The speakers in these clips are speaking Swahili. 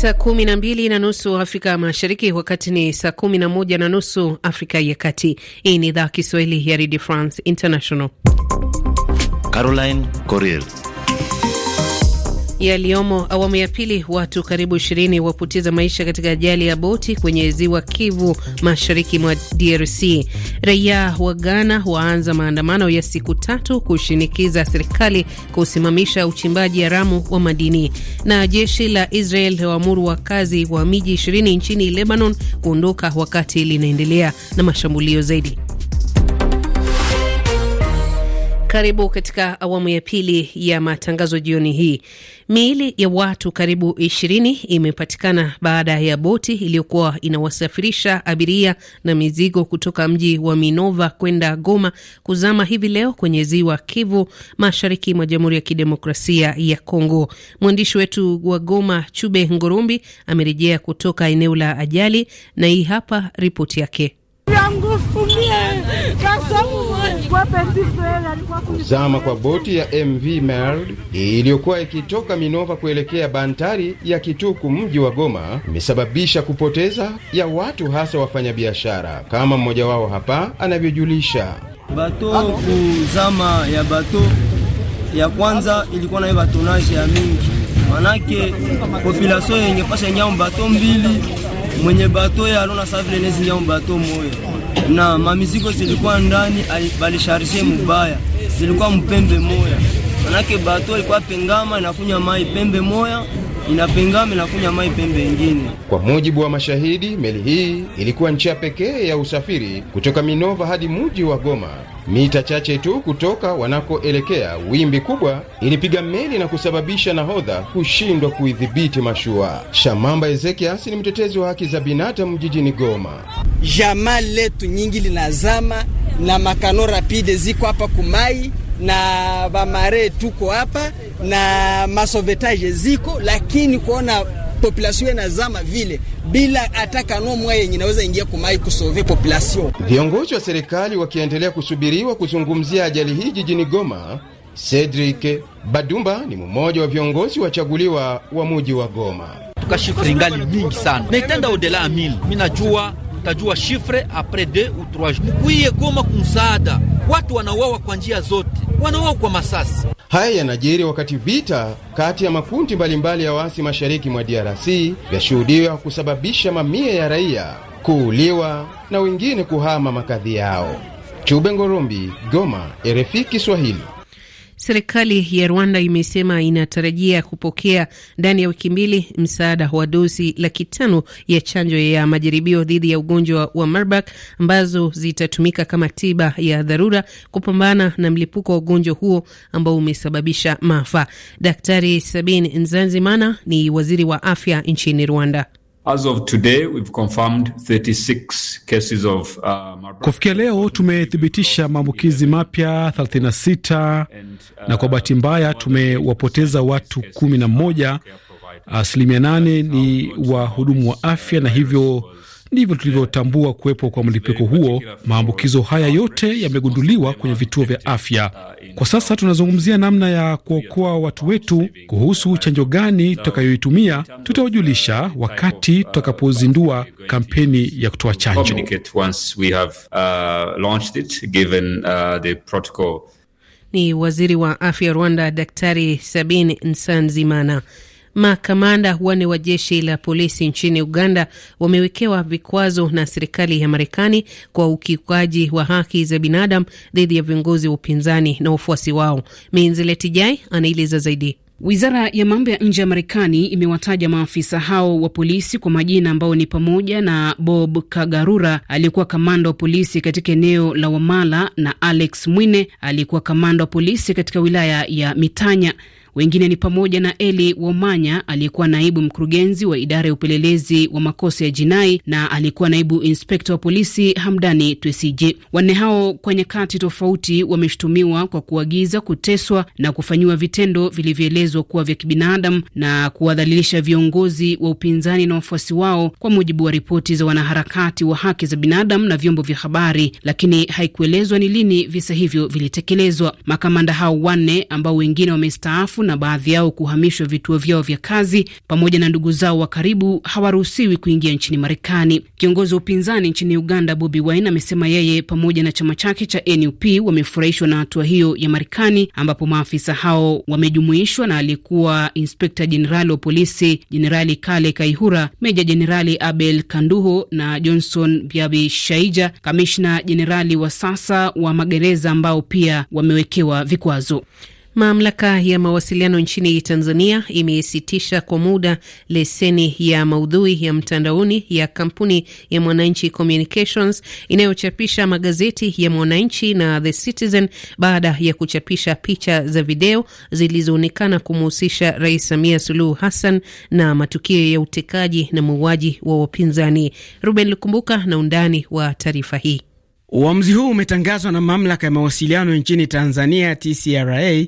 Saa kumi na mbili na nusu Afrika Mashariki, wakati ni saa kumi na moja na nusu Afrika ya Kati. Hii ni idhaa Kiswahili ya redi France International. Caroline Coril yaliyomo awamu ya pili. Watu karibu ishirini wapoteza maisha katika ajali ya boti kwenye ziwa Kivu mashariki mwa DRC. Raia wa Ghana waanza maandamano ya siku tatu kushinikiza serikali kusimamisha uchimbaji haramu wa madini. Na jeshi la Israel waamuru wakazi wa miji ishirini nchini Lebanon kuondoka wakati linaendelea na mashambulio zaidi. Karibu katika awamu ya pili ya matangazo jioni hii. Miili ya watu karibu ishirini imepatikana baada ya boti iliyokuwa inawasafirisha abiria na mizigo kutoka mji wa Minova kwenda Goma kuzama hivi leo kwenye ziwa Kivu, mashariki mwa Jamhuri ya Kidemokrasia ya Kongo. Mwandishi wetu wa Goma, Chube Ngorumbi, amerejea kutoka eneo la ajali na hii hapa ripoti yake. Kuzama kwa boti ya MV Merl iliyokuwa ikitoka Minova kuelekea bandari ya Kituku, mji wa Goma, imesababisha kupoteza ya watu, hasa wafanyabiashara, kama mmoja wao hapa anavyojulisha. Bato kuzama ya bato ya kwanza ilikuwa nayo batonaje ya mingi, manake populasio yenye pasha nyao bato mbili mwenye bato ya alona savile nezi nyao bato moya na mamizigo zilikuwa ndani, balisharishe mubaya, zilikuwa mpembe moya, manake bato alikuwa pengama inakunya mai pembe moya inapengama inakunya mai pembe ingine. Kwa mujibu wa mashahidi, meli hii ilikuwa njia pekee ya usafiri kutoka Minova hadi mji wa Goma mita chache tu kutoka wanakoelekea, wimbi kubwa ilipiga meli na kusababisha nahodha kushindwa kuidhibiti mashua. Shamamba ezekias ni mtetezi wa haki za binadamu jijini Goma. Jamaa letu nyingi linazama na makano rapide ziko hapa kumai na bamare tuko hapa na masovetaje ziko, lakini kuona population inazama vile bila hata mwa yenye inaweza ingia kumai kusove population. Viongozi wa serikali wakiendelea kusubiriwa kuzungumzia ajali hii jijini Goma. Cedric Badumba ni mmoja wa viongozi wachaguliwa wa muji wa Goma. tukashifre ngali nyingi sana naitenda odela amili najua tajua shifre apres de ou 3 mkuiye Goma kumsaada watu wanauawa kwa njia zote, wanauawa kwa masasi Haya yanajiri wakati vita kati ya makundi mbalimbali ya waasi mashariki mwa DRC vyashuhudiwa kusababisha mamia ya raia kuuliwa na wengine kuhama makazi yao. Chube Ngorombi, Goma, RFI Kiswahili. Serikali ya Rwanda imesema inatarajia kupokea ndani ya wiki mbili msaada wa dozi laki tano ya chanjo ya majaribio dhidi ya ugonjwa wa Marburg ambazo zitatumika kama tiba ya dharura kupambana na mlipuko wa ugonjwa huo ambao umesababisha maafa. Daktari Sabin Nzanzimana ni waziri wa afya nchini Rwanda. As of today, we've confirmed 36 cases of, uh, kufikia leo tumethibitisha maambukizi mapya 36 uh, na kwa bahati mbaya tumewapoteza watu 11. Asilimia nane ni wahudumu wa uh, afya na hivyo Ndivyo tulivyotambua kuwepo kwa mlipuko huo. Maambukizo haya yote yamegunduliwa kwenye vituo vya afya. Kwa sasa tunazungumzia namna ya kuokoa watu wetu. Kuhusu chanjo gani tutakayoitumia, tutawajulisha wakati tutakapozindua kampeni ya kutoa chanjo. Uh, uh, Ni waziri wa afya Rwanda, Daktari Sabin Nsanzimana. Makamanda wanne wa jeshi la polisi nchini Uganda wamewekewa vikwazo na serikali ya Marekani kwa ukiukaji wa haki za binadamu dhidi ya viongozi wa upinzani na wafuasi wao. Minziletijai anaeleza zaidi. Wizara ya mambo ya nje ya Marekani imewataja maafisa hao wa polisi kwa majina ambao ni pamoja na Bob Kagarura aliyekuwa kamanda wa polisi katika eneo la Wamala na Alex Mwine aliyekuwa kamanda wa polisi katika wilaya ya Mitanya. Wengine ni pamoja na Eli Womanya aliyekuwa naibu mkurugenzi wa idara ya upelelezi wa makosa ya jinai na aliyekuwa naibu inspekta wa polisi Hamdani twesiji Wanne hao kwa nyakati tofauti wameshutumiwa kwa kuagiza kuteswa na kufanyiwa vitendo vilivyoelezwa kuwa vya kibinadamu na kuwadhalilisha viongozi wa upinzani na wafuasi wao, kwa mujibu wa ripoti za wanaharakati wa haki za binadamu na vyombo vya habari, lakini haikuelezwa ni lini visa hivyo vilitekelezwa. Makamanda hao wanne ambao wengine wamestaafu na baadhi yao kuhamishwa vituo vyao vya kazi, pamoja na ndugu zao wa karibu hawaruhusiwi kuingia nchini Marekani. Kiongozi wa upinzani nchini Uganda Bobi Wine amesema yeye pamoja na chama chake cha NUP wamefurahishwa na hatua hiyo ya Marekani, ambapo maafisa hao wamejumuishwa na aliyekuwa inspekta jenerali wa polisi Jenerali Kale Kaihura, meja jenerali Abel Kanduho na Johnson Byabi Shaija, kamishna jenerali wa sasa wa magereza ambao pia wamewekewa vikwazo. Mamlaka ya mawasiliano nchini Tanzania imesitisha kwa muda leseni ya maudhui ya mtandaoni ya kampuni ya Mwananchi Communications inayochapisha magazeti ya Mwananchi na The Citizen baada ya kuchapisha picha za video zilizoonekana kumhusisha Rais Samia Suluhu Hassan na matukio ya utekaji na muuaji wa wapinzani. Ruben Lukumbuka na undani wa taarifa hii. Uamuzi huu umetangazwa na mamlaka ya mawasiliano nchini Tanzania, TCRA,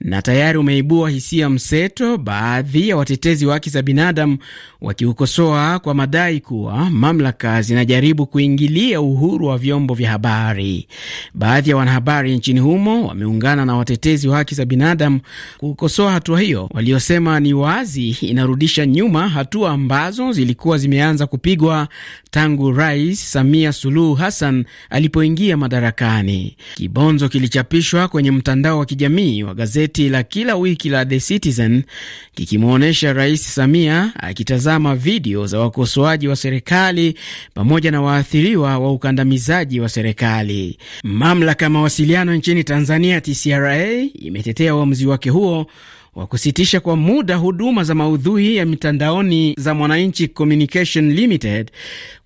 na tayari umeibua hisia mseto, baadhi ya watetezi wa haki za binadamu wakiukosoa kwa madai kuwa mamlaka zinajaribu kuingilia uhuru wa vyombo vya habari. Baadhi ya wanahabari nchini humo wameungana na watetezi wa haki za binadamu kukosoa hatua hiyo, waliosema ni wazi inarudisha nyuma hatua ambazo zilikuwa zimeanza kupigwa tangu Rais Samia Suluhu Hassan alipoingia madarakani. Kibonzo kilichapishwa kwenye mtandao wa kijamii wa gazeti la kila wiki la The Citizen kikimwonyesha Rais Samia akitazama video za wakosoaji wa serikali pamoja na waathiriwa wa ukandamizaji wa serikali. Mamlaka ya mawasiliano nchini Tanzania, TCRA, imetetea uamuzi wake huo wa kusitisha kwa muda huduma za maudhui ya mitandaoni za Mwananchi Communication Limited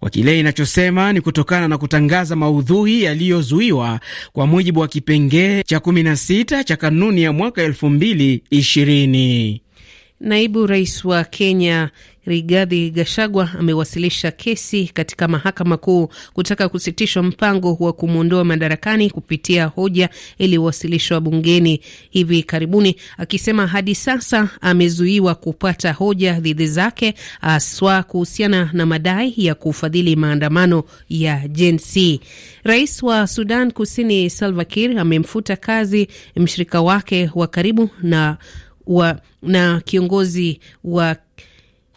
kwa kile inachosema ni kutokana na kutangaza maudhui yaliyozuiwa kwa mujibu wa kipengee cha 16 cha kanuni ya mwaka 2020. Naibu Rais wa Kenya Rigathi gashagwa amewasilisha kesi katika mahakama kuu kutaka kusitishwa mpango wa kumwondoa madarakani kupitia hoja iliyowasilishwa bungeni hivi karibuni, akisema hadi sasa amezuiwa kupata hoja dhidi zake aswa kuhusiana na madai ya kufadhili maandamano ya Gen Z. Rais wa Sudan Kusini Salva Kiir amemfuta kazi mshirika wake wa karibu na, wa, na kiongozi wa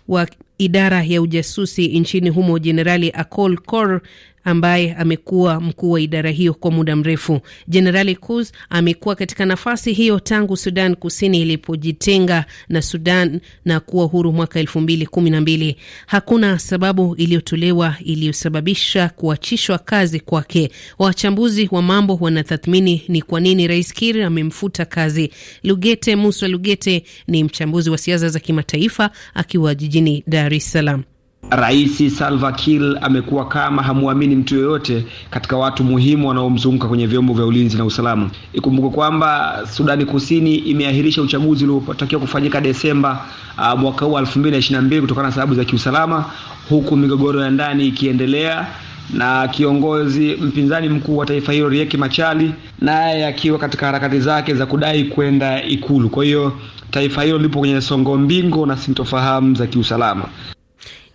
wa idara ya ujasusi nchini humo Jenerali acol cor ambaye amekuwa mkuu wa idara hiyo kwa muda mrefu. Jenerali Kuz amekuwa katika nafasi hiyo tangu Sudan Kusini ilipojitenga na Sudan na kuwa huru mwaka elfu mbili kumi na mbili. Hakuna sababu iliyotolewa iliyosababisha kuachishwa kazi kwake. Wachambuzi wa mambo wanatathmini ni kwa nini Rais Kir amemfuta kazi. Lugete Musa Lugete ni mchambuzi wa siasa za kimataifa akiwa jijini Dar es Salaam. Rais Salva Kiir amekuwa kama hamwamini mtu yoyote katika watu muhimu wanaomzunguka kwenye vyombo vya ulinzi na usalama. Ikumbuke kwamba Sudani Kusini imeahirisha uchaguzi uliotakiwa kufanyika Desemba uh, mwaka huu mbili kutokana na sababu za kiusalama, huku migogoro ya ndani ikiendelea na kiongozi mpinzani mkuu wa taifa hilo Rieki Machali naye akiwa katika harakati zake za kudai kwenda Ikulu. Kwa hiyo taifa hilo lipo kwenye songo mbingo na sintofahamu za kiusalama.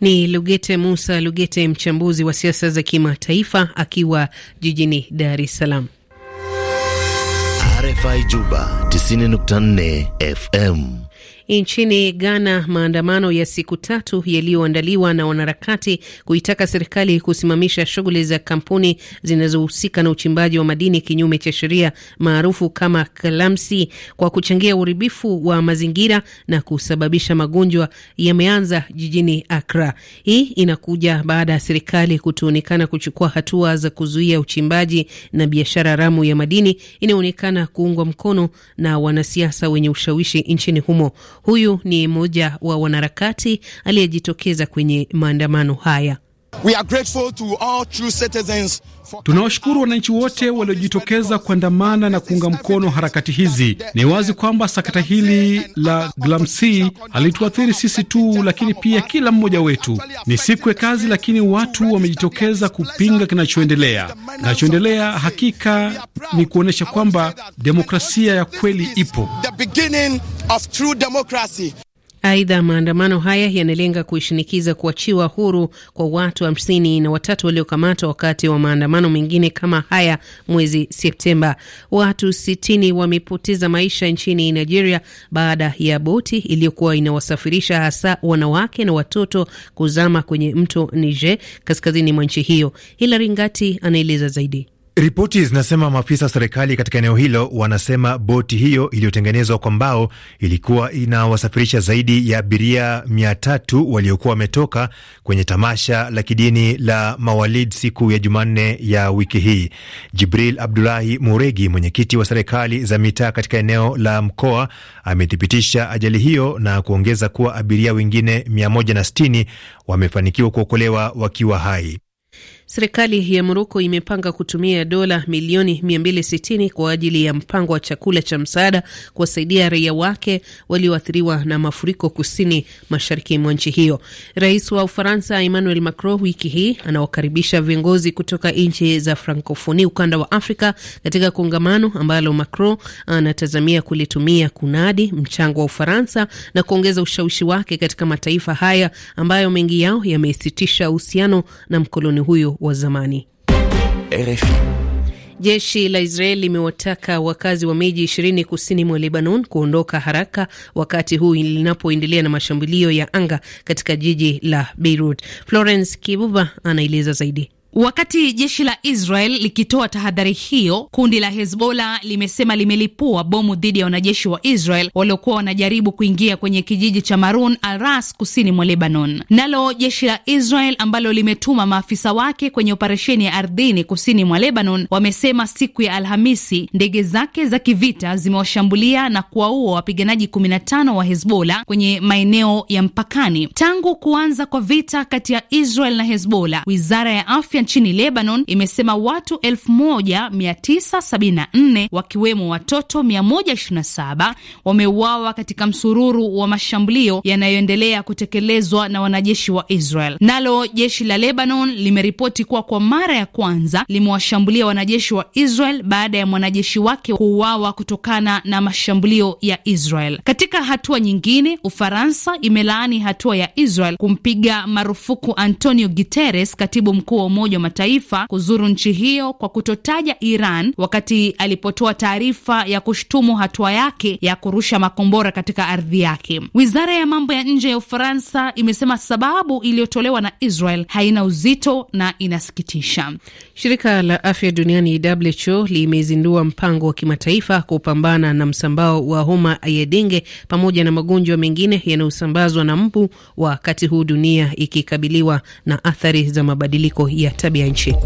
Ni Lugete Musa Lugete, mchambuzi wa siasa za kimataifa akiwa jijini Dar es Salaam. RFI Juba 90.4 FM. Nchini Ghana, maandamano ya siku tatu yaliyoandaliwa na wanaharakati kuitaka serikali kusimamisha shughuli za kampuni zinazohusika na uchimbaji wa madini kinyume cha sheria maarufu kama kalamsi, kwa kuchangia uharibifu wa mazingira na kusababisha magonjwa yameanza jijini Akra. Hii inakuja baada ya serikali kutoonekana kuchukua hatua za kuzuia uchimbaji na biashara haramu ya madini inayoonekana kuungwa mkono na wanasiasa wenye ushawishi nchini humo. Huyu ni mmoja wa wanaharakati aliyejitokeza kwenye maandamano haya. Tunawashukuru wananchi wote waliojitokeza kuandamana na kuunga mkono harakati hizi. Ni wazi kwamba sakata hili la GLAMC halituathiri sisi tu, lakini pia kila mmoja wetu. Ni siku ya kazi, lakini watu wamejitokeza kupinga kinachoendelea. Kinachoendelea hakika ni kuonyesha kwamba demokrasia ya kweli ipo of true democracy. Aidha, maandamano haya yanalenga kuishinikiza kuachiwa huru kwa watu hamsini wa na watatu waliokamatwa wakati wa maandamano mengine kama haya mwezi Septemba. Watu sitini wamepoteza maisha nchini Nigeria baada ya boti iliyokuwa inawasafirisha hasa wanawake na watoto kuzama kwenye mto Niger kaskazini mwa nchi hiyo. Hilari Ngati anaeleza zaidi. Ripoti zinasema maafisa wa serikali katika eneo hilo wanasema boti hiyo iliyotengenezwa kwa mbao ilikuwa inawasafirisha zaidi ya abiria mia tatu waliokuwa wametoka kwenye tamasha la kidini la Mawalid siku ya Jumanne ya wiki hii. Jibril Abdulahi Muregi, mwenyekiti wa serikali za mitaa katika eneo la mkoa, amethibitisha ajali hiyo na kuongeza kuwa abiria wengine 160 wamefanikiwa kuokolewa wakiwa hai. Serikali ya Moroko imepanga kutumia dola milioni 260 kwa ajili ya mpango wa chakula cha msaada kuwasaidia raia wake walioathiriwa na mafuriko kusini mashariki mwa nchi hiyo. Rais wa Ufaransa Emmanuel Macron wiki hii anawakaribisha viongozi kutoka nchi za Frankofoni, ukanda wa Afrika, katika kongamano ambalo Macron anatazamia kulitumia kunadi mchango wa Ufaransa na kuongeza ushawishi wake katika mataifa haya ambayo mengi yao yamesitisha uhusiano na mkoloni huyo wa zamani. RFI. Jeshi la Israeli limewataka wakazi wa miji ishirini kusini mwa Lebanon kuondoka haraka wakati huu linapoendelea na mashambulio ya anga katika jiji la Beirut. Florence Kibuba anaeleza zaidi. Wakati jeshi la Israel likitoa tahadhari hiyo, kundi la Hezbollah limesema limelipua bomu dhidi ya wanajeshi wa Israel waliokuwa wanajaribu kuingia kwenye kijiji cha Marun al Ras kusini mwa Lebanon. Nalo jeshi la Israel ambalo limetuma maafisa wake kwenye operesheni ya ardhini kusini mwa Lebanon wamesema siku ya Alhamisi ndege zake za kivita zimewashambulia na kuwaua wapiganaji 15 wa Hezbollah kwenye maeneo ya mpakani. Tangu kuanza kwa vita kati ya Israel na Hezbollah, wizara ya afya afya nchini Lebanon imesema watu 1974 wakiwemo watoto 127 wameuawa katika msururu wa mashambulio yanayoendelea kutekelezwa na wanajeshi wa Israel. Nalo jeshi la Lebanon limeripoti kuwa kwa mara ya kwanza limewashambulia wanajeshi wa Israel baada ya mwanajeshi wake kuuawa kutokana na mashambulio ya Israel. Katika hatua nyingine, Ufaransa imelaani hatua ya Israel kumpiga marufuku Antonio Guterres, katibu mkuu wa Umoja Umoja wa Mataifa kuzuru nchi hiyo kwa kutotaja Iran wakati alipotoa taarifa ya kushtumu hatua yake ya kurusha makombora katika ardhi yake. Wizara ya mambo ya nje ya Ufaransa imesema sababu iliyotolewa na Israel haina uzito na inasikitisha. Shirika la afya duniani WHO limezindua mpango wa kimataifa kupambana na msambao wa homa ya denge pamoja na magonjwa mengine yanayosambazwa na mbu, wakati huu dunia ikikabiliwa na athari za mabadiliko ya tabia nchi.